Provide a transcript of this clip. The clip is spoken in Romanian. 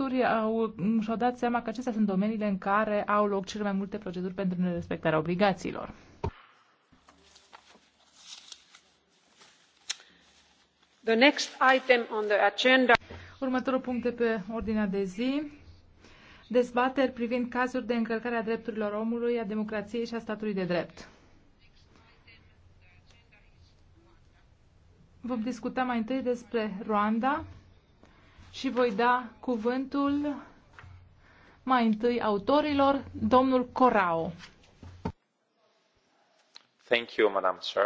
costuri au, și-au dat seama că acestea sunt domeniile în care au loc cele mai multe proceduri pentru nerespectarea obligațiilor. The next item on the agenda. Următorul punct de pe ordinea de zi. Dezbateri privind cazuri de încălcare a drepturilor omului, a democrației și a statului de drept. Vom discuta mai întâi despre Rwanda și voi da cuvântul mai întâi autorilor, domnul Corao. Thank you, Madam Chair.